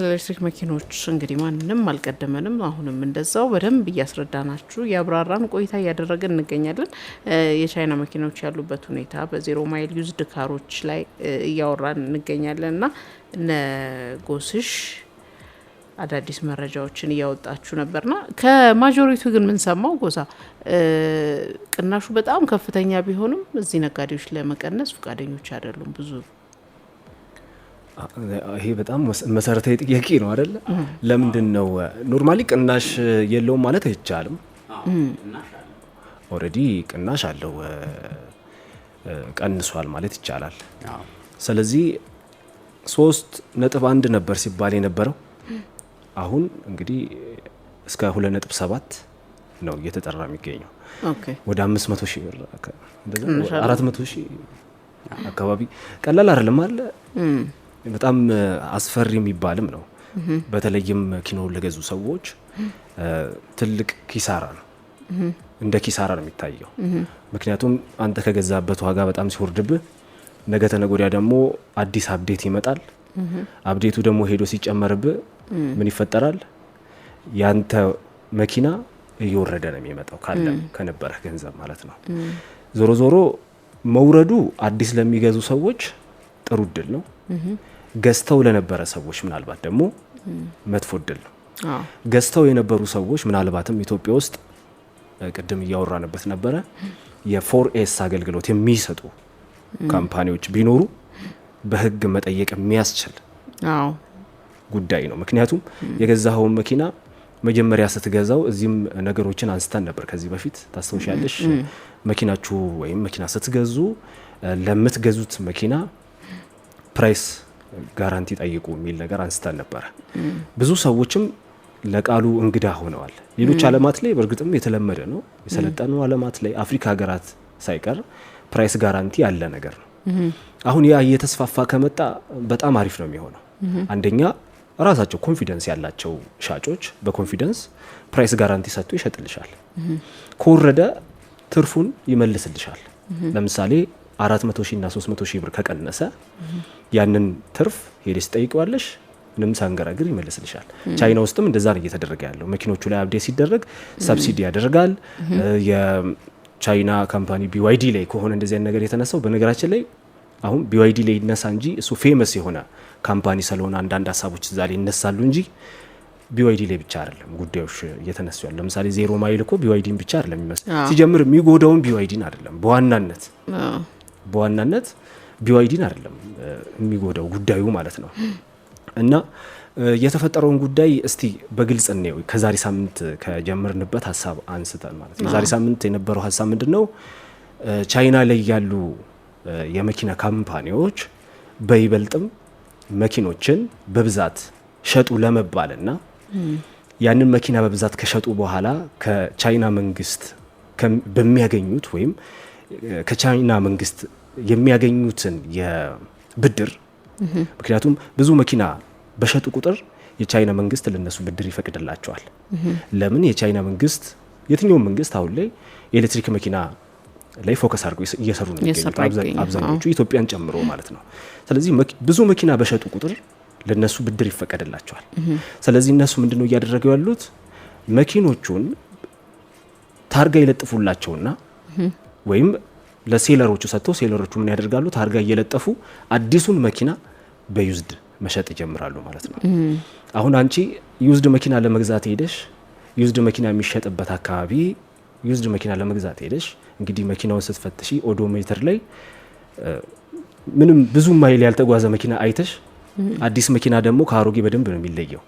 ስለ ኤሌክትሪክ መኪኖች እንግዲህ ማንም አልቀደመንም። አሁንም እንደዛው በደንብ እያስረዳናችሁ የአብራራን ቆይታ እያደረገን እንገኛለን። የቻይና መኪኖች ያሉበት ሁኔታ በዜሮ ማይል ዩዝድ ካሮች ላይ እያወራን እንገኛለን እና ነጎስሽ አዳዲስ መረጃዎችን እያወጣችሁ ነበርና ከማጆሪቱ ግን የምንሰማው ጎሳ ቅናሹ በጣም ከፍተኛ ቢሆንም እዚህ ነጋዴዎች ለመቀነስ ፈቃደኞች አይደሉም ብዙ ይሄ በጣም መሰረታዊ ጥያቄ ነው አይደለ? ለምንድን ነው ኖርማሊ ቅናሽ የለውም ማለት አይቻልም። ኦልሬዲ ቅናሽ አለው ቀንሷል ማለት ይቻላል። ስለዚህ ሶስት ነጥብ አንድ ነበር ሲባል የነበረው አሁን እንግዲህ እስከ ሁለት ነጥብ ሰባት ነው እየተጠራ የሚገኘው ወደ አምስት መቶ ሺህ አራት መቶ ሺህ አካባቢ ቀላል አይደለም አለ በጣም አስፈሪ የሚባልም ነው። በተለይም ኪኖውን ለገዙ ሰዎች ትልቅ ኪሳራ ነው፣ እንደ ኪሳራ ነው የሚታየው። ምክንያቱም አንተ ከገዛበት ዋጋ በጣም ሲወርድብህ ነገ ተነጎዲያ ደግሞ አዲስ አብዴት ይመጣል። አብዴቱ ደግሞ ሄዶ ሲጨመርብህ ምን ይፈጠራል? ያንተ መኪና እየወረደ ነው የሚመጣው ካለ ከነበረህ ገንዘብ ማለት ነው። ዞሮ ዞሮ መውረዱ አዲስ ለሚገዙ ሰዎች ጥሩ እድል ነው። ገዝተው ለነበረ ሰዎች ምናልባት ደግሞ መጥፎ እድል ነው። ገዝተው የነበሩ ሰዎች ምናልባትም ኢትዮጵያ ውስጥ ቅድም እያወራንበት ነበረ የፎር ኤስ አገልግሎት የሚሰጡ ካምፓኒዎች ቢኖሩ በህግ መጠየቅ የሚያስችል ጉዳይ ነው። ምክንያቱም የገዛኸውን መኪና መጀመሪያ ስትገዛው እዚህም ነገሮችን አንስተን ነበር ከዚህ በፊት ታስታውሻለሽ። መኪናችሁ ወይም መኪና ስትገዙ ለምትገዙት መኪና ፕራይስ ጋራንቲ ጠይቁ የሚል ነገር አንስተን ነበረ። ብዙ ሰዎችም ለቃሉ እንግዳ ሆነዋል። ሌሎች አለማት ላይ በእርግጥም የተለመደ ነው። የሰለጠኑ አለማት ላይ አፍሪካ ሀገራት ሳይቀር ፕራይስ ጋራንቲ ያለ ነገር ነው። አሁን ያ እየተስፋፋ ከመጣ በጣም አሪፍ ነው የሚሆነው። አንደኛ ራሳቸው ኮንፊደንስ ያላቸው ሻጮች በኮንፊደንስ ፕራይስ ጋራንቲ ሰጥቶ ይሸጥልሻል። ከወረደ ትርፉን ይመልስልሻል። ለምሳሌ አራት መቶ ሺህ እና ሶስት መቶ ብር ከቀነሰ ያንን ትርፍ ሄደሽ ትጠይቂዋለሽ። ምንም ሳንገራግር ይመለስልሻል። ቻይና ውስጥም እንደዛ ነው እየተደረገ ያለው። መኪኖቹ ላይ አብዴት ሲደረግ ሰብሲዲ ያደርጋል። የቻይና ካምፓኒ ቢዋይዲ ላይ ከሆነ እንደዚያን ነገር የተነሳው በነገራችን ላይ አሁን ቢዋይዲ ላይ ይነሳ እንጂ እሱ ፌመስ የሆነ ካምፓኒ ስለሆነ አንዳንድ ሀሳቦች እዛ ላይ ይነሳሉ እንጂ ቢዋይዲ ላይ ብቻ አይደለም ጉዳዮች እየተነሱ ያለ። ለምሳሌ ዜሮ ማይል እኮ ቢዋይዲን ብቻ አይደለም ይመስል ሲጀምር የሚጎዳውን ቢዋይዲን አይደለም በዋናነት በዋናነት ቢዋይዲን አይደለም የሚጎዳው ጉዳዩ ማለት ነው እና የተፈጠረውን ጉዳይ እስቲ በግልጽ እንየው። ከዛሬ ሳምንት ከጀመርንበት ሀሳብ አንስተን ማለት ነው። የዛሬ ሳምንት የነበረው ሀሳብ ምንድን ነው? ቻይና ላይ ያሉ የመኪና ካምፓኒዎች በይበልጥም መኪኖችን በብዛት ሸጡ ለመባል እና ያንን መኪና በብዛት ከሸጡ በኋላ ከቻይና መንግስት በሚያገኙት ወይም ከቻይና መንግስት የሚያገኙትን የብድር ምክንያቱም ብዙ መኪና በሸጡ ቁጥር የቻይና መንግስት ለነሱ ብድር ይፈቅድላቸዋል። ለምን የቻይና መንግስት የትኛውም መንግስት አሁን ላይ የኤሌክትሪክ መኪና ላይ ፎከስ አድርገው እየሰሩ ነው አብዛኞቹ ኢትዮጵያን ጨምሮ ማለት ነው። ስለዚህ ብዙ መኪና በሸጡ ቁጥር ለነሱ ብድር ይፈቀድላቸዋል። ስለዚህ እነሱ ምንድነው እያደረጉ ያሉት መኪኖቹን ታርጋ ይለጥፉላቸውና ወይም ለሴለሮቹ ሰጥተው ሴለሮቹ ምን ያደርጋሉ? ታርጋ እየለጠፉ አዲሱን መኪና በዩዝድ መሸጥ ይጀምራሉ ማለት ነው። አሁን አንቺ ዩዝድ መኪና ለመግዛት ሄደሽ ዩዝድ መኪና የሚሸጥበት አካባቢ ዩዝድ መኪና ለመግዛት ሄደሽ እንግዲህ መኪናውን ስትፈትሺ ኦዶሜትር ላይ ምንም ብዙ ማይል ያልተጓዘ መኪና አይተሽ አዲስ መኪና ደግሞ ከአሮጌ በደንብ ነው የሚለየው።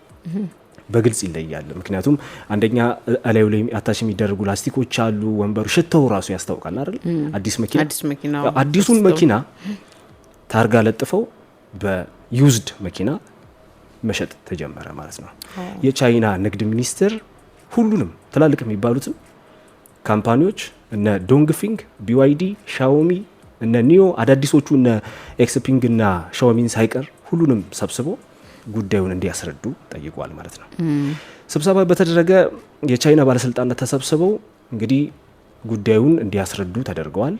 በግልጽ ይለያል። ምክንያቱም አንደኛ እላዩ ላይ አታች የሚደረጉ ላስቲኮች አሉ፣ ወንበሩ ሽታው ራሱ ያስታውቃል አይደል? አዲስ መኪና አዲሱን መኪና ታርጋ ለጥፈው በዩዝድ መኪና መሸጥ ተጀመረ ማለት ነው። የቻይና ንግድ ሚኒስቴር ሁሉንም ትላልቅ የሚባሉትም ካምፓኒዎች እነ ዶንግፊንግ፣ ቢዋይዲ፣ ሻኦሚ እነ ኒዮ አዳዲሶቹ እነ ኤክስፒንግ እና ሻኦሚን ሳይቀር ሁሉንም ሰብስቦ ጉዳዩን እንዲያስረዱ ጠይቋል ማለት ነው። ስብሰባ በተደረገ የቻይና ባለስልጣናት ተሰብስበው እንግዲህ ጉዳዩን እንዲያስረዱ ተደርገዋል።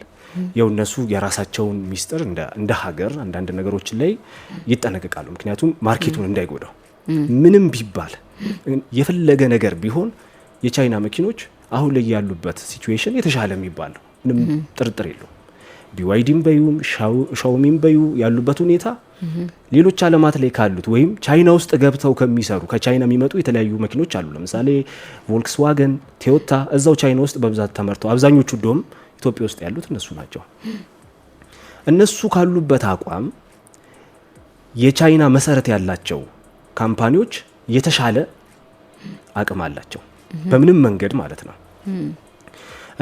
ያው እነሱ የራሳቸውን ሚስጥር እንደ ሀገር አንዳንድ ነገሮችን ላይ ይጠነቀቃሉ። ምክንያቱም ማርኬቱን እንዳይጎዳው ምንም ቢባል የፈለገ ነገር ቢሆን የቻይና መኪኖች አሁን ላይ ያሉበት ሲትዌሽን የተሻለ የሚባል ምንም ጥርጥር የለውም። ቢዋይዲም በዩም ሻውሚም በዩ ያሉበት ሁኔታ ሌሎች አለማት ላይ ካሉት ወይም ቻይና ውስጥ ገብተው ከሚሰሩ ከቻይና የሚመጡ የተለያዩ መኪኖች አሉ። ለምሳሌ ቮልክስዋገን፣ ቶዮታ እዛው ቻይና ውስጥ በብዛት ተመርተው አብዛኞቹ ዶም ኢትዮጵያ ውስጥ ያሉት እነሱ ናቸው። እነሱ ካሉበት አቋም የቻይና መሰረት ያላቸው ካምፓኒዎች የተሻለ አቅም አላቸው በምንም መንገድ ማለት ነው።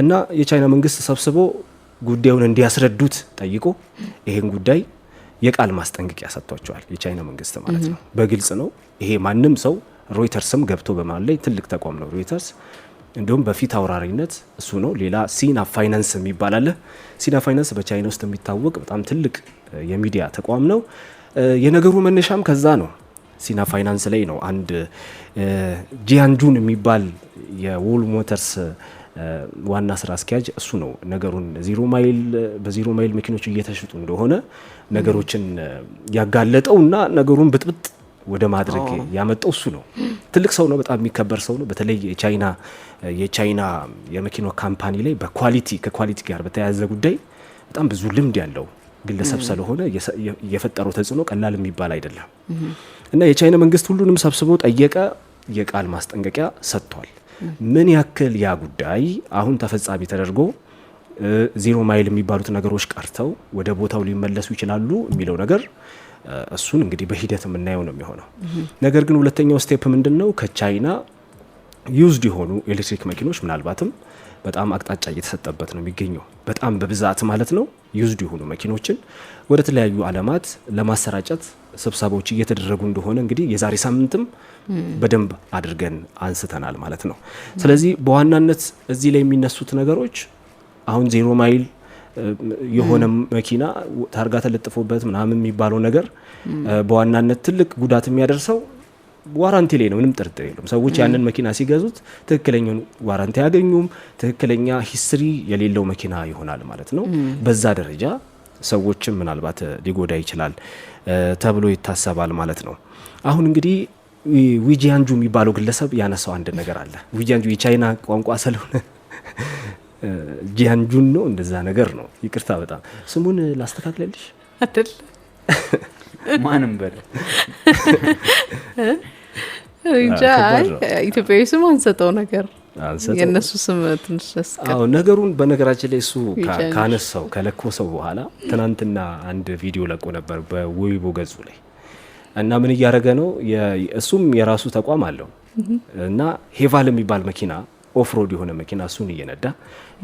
እና የቻይና መንግስት ሰብስቦ ጉዳዩን እንዲያስረዱት ጠይቆ ይሄን ጉዳይ የቃል ማስጠንቀቂያ ሰጥቷቸዋል። የቻይና መንግስት ማለት ነው። በግልጽ ነው ይሄ። ማንም ሰው ሮይተርስም ገብቶ በማለት ላይ ትልቅ ተቋም ነው ሮይተርስ። እንዲሁም በፊት አውራሪነት እሱ ነው። ሌላ ሲና ፋይናንስ የሚባል አለ። ሲና ፋይናንስ በቻይና ውስጥ የሚታወቅ በጣም ትልቅ የሚዲያ ተቋም ነው። የነገሩ መነሻም ከዛ ነው። ሲና ፋይናንስ ላይ ነው አንድ ጂያንጁን የሚባል የዎል ሞተርስ ዋና ስራ አስኪያጅ እሱ ነው ነገሩን ዜሮ ማይል በዜሮ ማይል መኪኖች እየተሸጡ እንደሆነ ነገሮችን ያጋለጠው እና ነገሩን ብጥብጥ ወደ ማድረግ ያመጣው እሱ ነው። ትልቅ ሰው ነው። በጣም የሚከበር ሰው ነው። በተለይ የቻይና የቻይና የመኪና ካምፓኒ ላይ በኳሊቲ ከኳሊቲ ጋር በተያያዘ ጉዳይ በጣም ብዙ ልምድ ያለው ግለሰብ ስለሆነ የፈጠረው ተጽዕኖ ቀላል የሚባል አይደለም እና የቻይና መንግስት ሁሉንም ሰብስቦ ጠየቀ። የቃል ማስጠንቀቂያ ሰጥቷል። ምን ያክል ያ ጉዳይ አሁን ተፈጻሚ ተደርጎ ዜሮ ማይል የሚባሉት ነገሮች ቀርተው ወደ ቦታው ሊመለሱ ይችላሉ የሚለው ነገር እሱን እንግዲህ በሂደት የምናየው ነው የሚሆነው። ነገር ግን ሁለተኛው ስቴፕ ምንድን ነው? ከቻይና ዩዝድ የሆኑ ኤሌክትሪክ መኪኖች ምናልባትም በጣም አቅጣጫ እየተሰጠበት ነው የሚገኘው። በጣም በብዛት ማለት ነው ዩዝድ የሆኑ መኪኖችን ወደ ተለያዩ ዓለማት ለማሰራጨት ስብሰባዎች እየተደረጉ እንደሆነ እንግዲህ የዛሬ ሳምንትም በደንብ አድርገን አንስተናል ማለት ነው። ስለዚህ በዋናነት እዚህ ላይ የሚነሱት ነገሮች አሁን ዜሮ ማይል የሆነ መኪና ታርጋ ተለጥፎበት ምናምን የሚባለው ነገር በዋናነት ትልቅ ጉዳት የሚያደርሰው ዋራንቲ ላይ ነው። ምንም ጥርጥር የለም። ሰዎች ያንን መኪና ሲገዙት ትክክለኛውን ዋራንቲ አያገኙም። ትክክለኛ ሂስትሪ የሌለው መኪና ይሆናል ማለት ነው። በዛ ደረጃ ሰዎችም ምናልባት ሊጎዳ ይችላል ተብሎ ይታሰባል ማለት ነው። አሁን እንግዲህ ዊጂያንጁ የሚባለው ግለሰብ ያነሳው አንድ ነገር አለ። ዊጂያንጁ የቻይና ቋንቋ ስለሆነ ጂያንጁን ነው እንደዛ ነገር ነው። ይቅርታ በጣም ስሙን ላስተካክለልሽ አይደል? ማንም በለ ኢትዮጵያዊ ስም አንሰጠው ነገር የእነሱ ስም ትንሽ ነገሩን። በነገራችን ላይ እሱ ካነሳው ከለኮሰው በኋላ ትናንትና አንድ ቪዲዮ ለቆ ነበር በዌይቦ ገጹ ላይ እና ምን እያደረገ ነው? እሱም የራሱ ተቋም አለው mm-hmm. እና ሄቫል የሚባል መኪና ኦፍሮድ የሆነ መኪና እሱን እየነዳ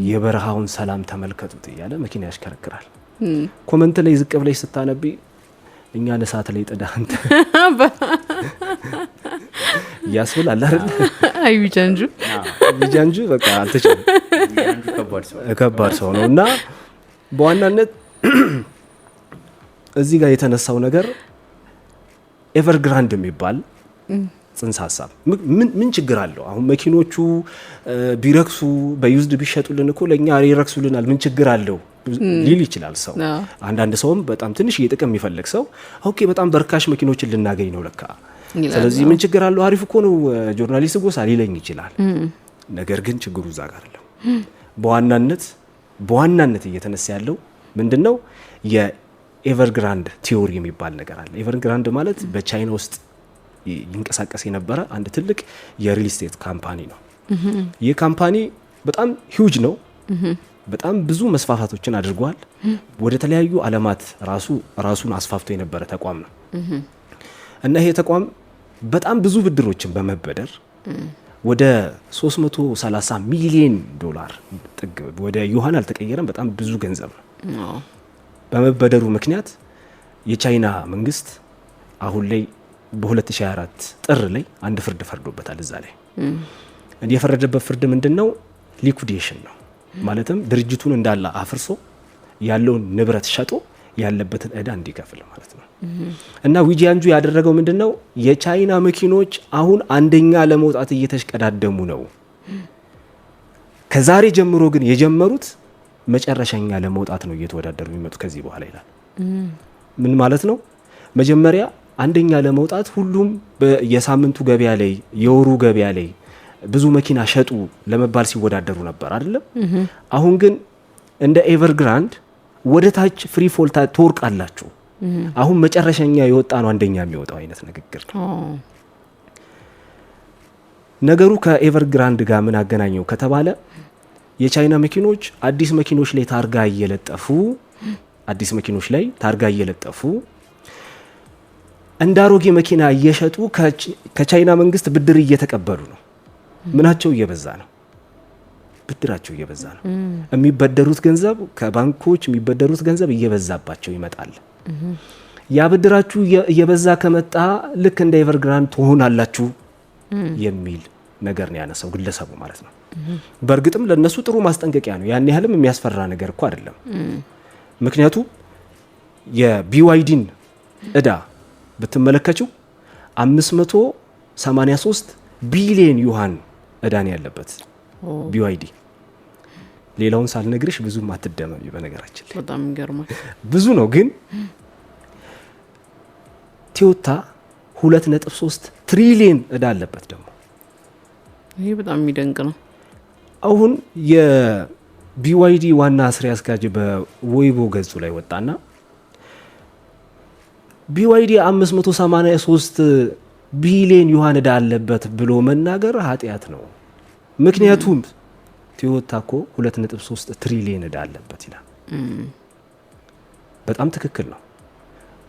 የበረሃውን ሰላም ተመልከቱት እያለ መኪና ያሽከረክራል። hmm. ኮመንት ላይ ዝቅ ብለሽ ስታነቢ እኛን እሳት ላይ ጥዳ አንተ ያስብላል አይደል? ሀይሚ ጃንጁ ጃንጁ በቃ ከባድ ሰው ነው እና በዋናነት እዚህ ጋር የተነሳው ነገር ኤቨርግራንድ የሚባል ጽንሰ ሀሳብ ምን ችግር አለው? አሁን መኪኖቹ ቢረክሱ በዩዝድ ቢሸጡልን እኮ ለእኛ ይረክሱልናል። ምን ችግር አለው ሊል ይችላል ሰው። አንዳንድ ሰውም በጣም ትንሽ እየጥቅም የሚፈልግ ሰው ኦኬ፣ በጣም በርካሽ መኪኖችን ልናገኝ ነው ለካ ስለዚህ ምን ችግር አለው? አሪፍ እኮ ነው ጆርናሊስት ጎሳ ሊለኝ ይችላል። ነገር ግን ችግሩ እዛ ጋር አለው። በዋናነት በዋናነት እየተነሳ ያለው ምንድን ነው? የኤቨርግራንድ ቲዮሪ የሚባል ነገር አለ። ኤቨርግራንድ ማለት በቻይና ውስጥ ይንቀሳቀስ የነበረ አንድ ትልቅ የሪል ስቴት ካምፓኒ ነው። ይህ ካምፓኒ በጣም ሂውጅ ነው። በጣም ብዙ መስፋፋቶችን አድርጓል። ወደ ተለያዩ ዓለማት ራሱ ራሱን አስፋፍቶ የነበረ ተቋም ነው እና ይሄ ተቋም በጣም ብዙ ብድሮችን በመበደር ወደ 330 ሚሊዮን ዶላር ጥግ ወደ ዩዋን አልተቀየረም። በጣም ብዙ ገንዘብ ነው። በመበደሩ ምክንያት የቻይና መንግስት አሁን ላይ በ2024 ጥር ላይ አንድ ፍርድ ፈርዶበታል። እዛ ላይ የፈረደበት ፍርድ ምንድን ነው? ሊኩዴሽን ነው። ማለትም ድርጅቱን እንዳለ አፍርሶ ያለውን ንብረት ሸጦ ያለበትን እዳ እንዲከፍል ማለት ነው። እና ዊጂያንጁ ያደረገው ምንድን ነው? የቻይና መኪኖች አሁን አንደኛ ለመውጣት እየተሽቀዳደሙ ነው። ከዛሬ ጀምሮ ግን የጀመሩት መጨረሻኛ ለመውጣት ነው እየተወዳደሩ የሚመጡ ከዚህ በኋላ ይላል። ምን ማለት ነው? መጀመሪያ አንደኛ ለመውጣት ሁሉም የሳምንቱ ገበያ ላይ፣ የወሩ ገበያ ላይ ብዙ መኪና ሸጡ ለመባል ሲወዳደሩ ነበር አይደለም። አሁን ግን እንደ ኤቨርግራንድ ወደ ታች ፍሪ ፎል ትወርቃላችሁ። አሁን መጨረሻኛ የወጣ ነው አንደኛ የሚወጣው አይነት ንግግር ነው። ነገሩ ከኤቨርግራንድ ጋር ምን አገናኘው ከተባለ የቻይና መኪኖች አዲስ መኪኖች ላይ ታርጋ እየለጠፉ አዲስ መኪኖች ላይ ታርጋ እየለጠፉ እንደ አሮጌ መኪና እየሸጡ ከቻይና መንግስት ብድር እየተቀበሉ ነው። ምናቸው እየበዛ ነው። ብድራቸው እየበዛ ነው። የሚበደሩት ገንዘብ ከባንኮች የሚበደሩት ገንዘብ እየበዛባቸው ይመጣል። ያ ብድራችሁ እየበዛ ከመጣ ልክ እንደ ኤቨርግራንድ ትሆናላችሁ የሚል ነገር ነው ያነሳው ግለሰቡ ማለት ነው። በእርግጥም ለእነሱ ጥሩ ማስጠንቀቂያ ነው። ያን ያህልም የሚያስፈራ ነገር እኮ አይደለም። ምክንያቱም የቢዋይዲን እዳ ብትመለከችው 583 ቢሊዮን ዩሃን እዳን ያለበት ቢዋይዲ ሌላውን ሳልነግርሽ ብዙም አትደመሚ። በነገራችን ላይ በጣም ይገርማል። ብዙ ነው ግን ቶዮታ ሁለት ነጥብ ትሪሊየን እዳ አለበት። ደግሞ ይህ በጣም የሚደንቅ ነው። አሁን የቢዋይዲ ዋና ስራ አስኪያጅ በወይቦ ገጹ ላይ ወጣና ቢዋይዲ 583 ቢሊዮን ዩዋን እዳ አለበት ብሎ መናገር ኃጢአት ነው ምክንያቱም ቶዮታ ኮ 2.3 ትሪሊየን እዳ አለበት ይላል። በጣም ትክክል ነው።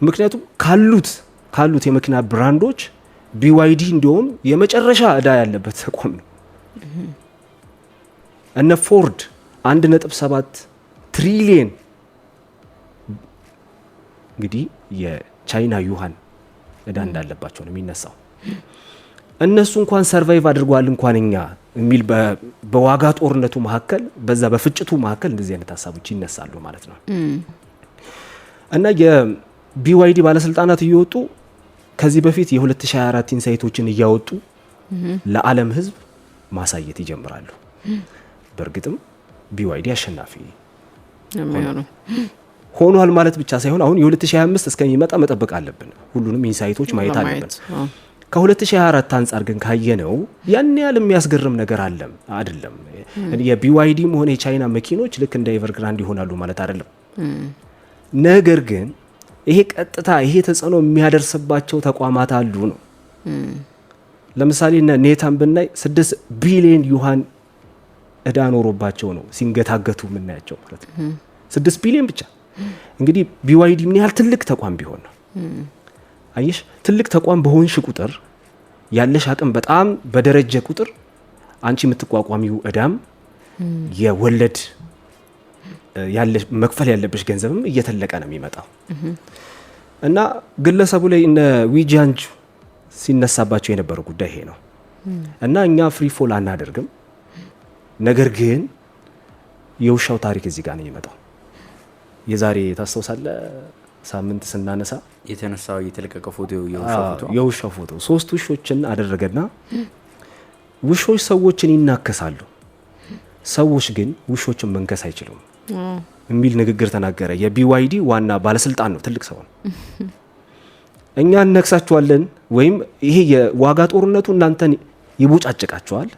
ምክንያቱም ካሉት ካሉት የመኪና ብራንዶች ቢዋይዲ እንዲሁም የመጨረሻ እዳ ያለበት ተቋም ነው። እነ ፎርድ 1.7 ትሪሊየን እንግዲህ የቻይና ዩሃን እዳ እንዳለባቸው ነው የሚነሳው። እነሱ እንኳን ሰርቫይቭ አድርጓል እንኳን እኛ የሚል በዋጋ ጦርነቱ መካከል በዛ በፍጭቱ መካከል እንደዚህ አይነት ሀሳቦች ይነሳሉ ማለት ነው እና የቢዋይዲ ባለስልጣናት እየወጡ ከዚህ በፊት የ2024 ኢንሳይቶችን እያወጡ ለዓለም ሕዝብ ማሳየት ይጀምራሉ። በእርግጥም ቢዋይዲ አሸናፊ ሆኗል ማለት ብቻ ሳይሆን አሁን የ2025 እስከሚመጣ መጠበቅ አለብን። ሁሉንም ኢንሳይቶች ማየት አለብን። ከ2024 አንጻር ግን ካየነው ያን ያህል የሚያስገርም ነገር አለም አይደለም። የቢዋይዲም ሆነ የቻይና መኪኖች ልክ እንደ ኤቨርግራንድ ይሆናሉ ማለት አይደለም። ነገር ግን ይሄ ቀጥታ ይሄ ተጽዕኖ የሚያደርስባቸው ተቋማት አሉ ነው። ለምሳሌ ኔታን ብናይ ስድስት ቢሊዮን ዩሃን እዳ ኖሮባቸው ነው ሲንገታገቱ የምናያቸው ማለት ነው። ስድስት ቢሊዮን ብቻ እንግዲህ ቢዋይዲ ምን ያህል ትልቅ ተቋም ቢሆን ነው። አየሽ ትልቅ ተቋም በሆንሽ ቁጥር ያለሽ አቅም በጣም በደረጀ ቁጥር አንቺ የምትቋቋሚው እዳም የወለድ ያለሽ መክፈል ያለብሽ ገንዘብም እየተለቀ ነው የሚመጣው እና ግለሰቡ ላይ እነ ዊጃንጅ ሲነሳባቸው የነበረው ጉዳይ ይሄ ነው እና እኛ ፍሪፎል አናደርግም። ነገር ግን የውሻው ታሪክ እዚህ ጋር ነው የሚመጣው። የዛሬ ታስታውሳለህ? ሳምንት ስናነሳ የተነሳው የተለቀቀ ፎቶ የውሻ ፎቶ ሶስት ውሾችን አደረገና ውሾች ሰዎችን ይናከሳሉ፣ ሰዎች ግን ውሾችን መንከስ አይችሉም የሚል ንግግር ተናገረ። የቢዋይዲ ዋና ባለስልጣን ነው፣ ትልቅ ሰው ነው። እኛ እነክሳችኋለን ወይም ይሄ የዋጋ ጦርነቱ እናንተን ይቦጫጭቃችኋል፣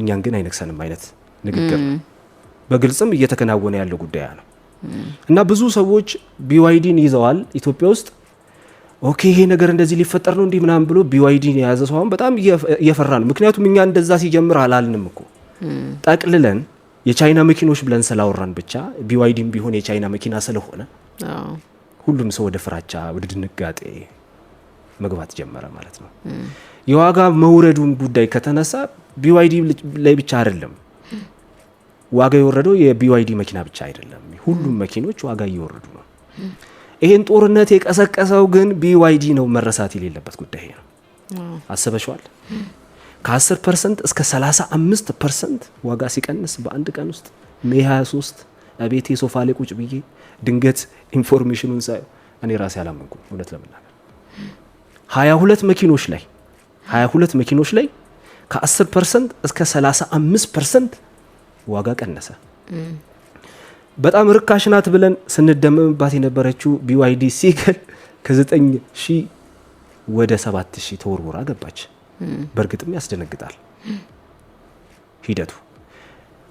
እኛን ግን አይነክሰንም አይነት ንግግር በግልጽም እየተከናወነ ያለው ጉዳይ ነው። እና ብዙ ሰዎች ቢዋይዲን ይዘዋል ኢትዮጵያ ውስጥ። ኦኬ ይሄ ነገር እንደዚህ ሊፈጠር ነው እንዲህ ምናምን ብሎ ቢዋይዲን የያዘ ሰው አሁን በጣም እየፈራ ነው። ምክንያቱም እኛ እንደዛ ሲጀምር አላልንም እኮ ጠቅልለን የቻይና መኪኖች ብለን ስላወራን ብቻ ቢዋይዲን ቢሆን የቻይና መኪና ስለሆነ ሁሉም ሰው ወደ ፍራቻ ወደ ድንጋጤ መግባት ጀመረ ማለት ነው። የዋጋ መውረዱን ጉዳይ ከተነሳ ቢዋይዲ ላይ ብቻ አይደለም ዋጋ የወረደው የቢዋይዲ መኪና ብቻ አይደለም። ሁሉም መኪኖች ዋጋ እየወረዱ ነው። ይህን ጦርነት የቀሰቀሰው ግን ቢዋይዲ ነው። መረሳት የሌለበት ጉዳይ ነው። አስበሸዋል ከ10 ፐርሰንት እስከ 35 ፐርሰንት ዋጋ ሲቀንስ በአንድ ቀን ውስጥ ሜ 23 ቤቴ የሶፋ ላይ ቁጭ ብዬ ድንገት ኢንፎርሜሽኑን ሳይ እኔ ራሴ አላመንኩ። እውነት ለመናገር 22 መኪኖች ላይ 22 መኪኖች ላይ ከ10 ፐርሰንት እስከ 35 ፐርሰንት ዋጋ ቀነሰ። በጣም ርካሽ ናት ብለን ስንደመምባት የነበረችው ቢዋይዲ ሲገል ከ ሺህ ወደ 7 ሺህ ተወርውራ ገባች። በእርግጥም ያስደነግጣል ሂደቱ።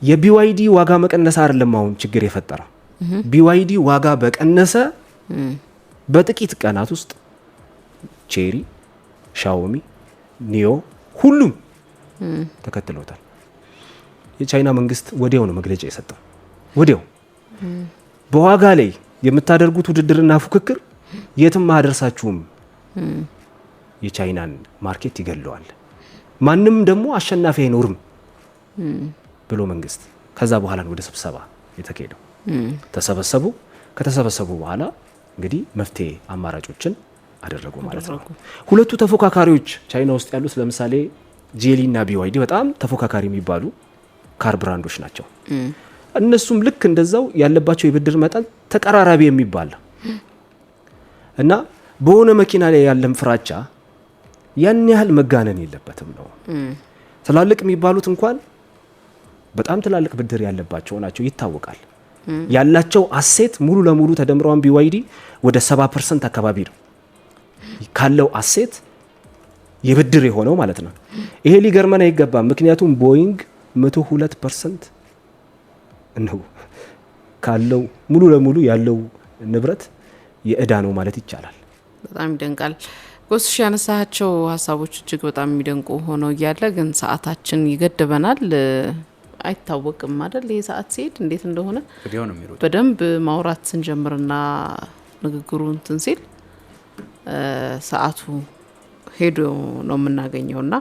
የቢዋይዲ ዋጋ መቀነስ አይደለም አሁን ችግር የፈጠረው። ቢዋይዲ ዋጋ በቀነሰ በጥቂት ቀናት ውስጥ ቼሪ፣ ሻዎሚ፣ ኒዮ ሁሉም ተከትለውታል። የቻይና መንግስት ወዲያው ነው መግለጫ የሰጠው። ወዲያው በዋጋ ላይ የምታደርጉት ውድድርና ፉክክር የትም አያደርሳችሁም የቻይናን ማርኬት ይገለዋል፣ ማንም ደግሞ አሸናፊ አይኖርም ብሎ መንግስት ከዛ በኋላ ነው ወደ ስብሰባ የተካሄደው። ተሰበሰቡ። ከተሰበሰቡ በኋላ እንግዲህ መፍትሄ አማራጮችን አደረጉ ማለት ነው። ሁለቱ ተፎካካሪዎች ቻይና ውስጥ ያሉት ለምሳሌ ጄሊ እና ቢዋይዲ በጣም ተፎካካሪ የሚባሉ ካር ብራንዶች ናቸው። እነሱም ልክ እንደዛው ያለባቸው የብድር መጠን ተቀራራቢ የሚባል እና በሆነ መኪና ላይ ያለም ፍራቻ ያን ያህል መጋነን የለበትም ነው። ትላልቅ የሚባሉት እንኳን በጣም ትላልቅ ብድር ያለባቸው ናቸው ይታወቃል። ያላቸው አሴት ሙሉ ለሙሉ ተደምረዋን ቢዋይዲ ወደ 70 ፐርሰንት አካባቢ ነው ካለው አሴት የብድር የሆነው ማለት ነው። ይሄ ሊገርመን አይገባም። ምክንያቱም ቦይንግ መቶ ሁለት ፐርሰንት ነው ካለው ሙሉ ለሙሉ ያለው ንብረት የእዳ ነው ማለት ይቻላል። በጣም ይደንቃል። ጎስሽ ያነሳቸው ሀሳቦች እጅግ በጣም የሚደንቁ ሆነው እያለ ግን ሰዓታችን ይገድበናል። አይታወቅም አይደል ይህ ሰዓት ሲሄድ እንዴት እንደሆነ በደንብ ማውራት ስንጀምርና ንግግሩ እንትን ሲል ሰዓቱ ሄዶ ነው የምናገኘውና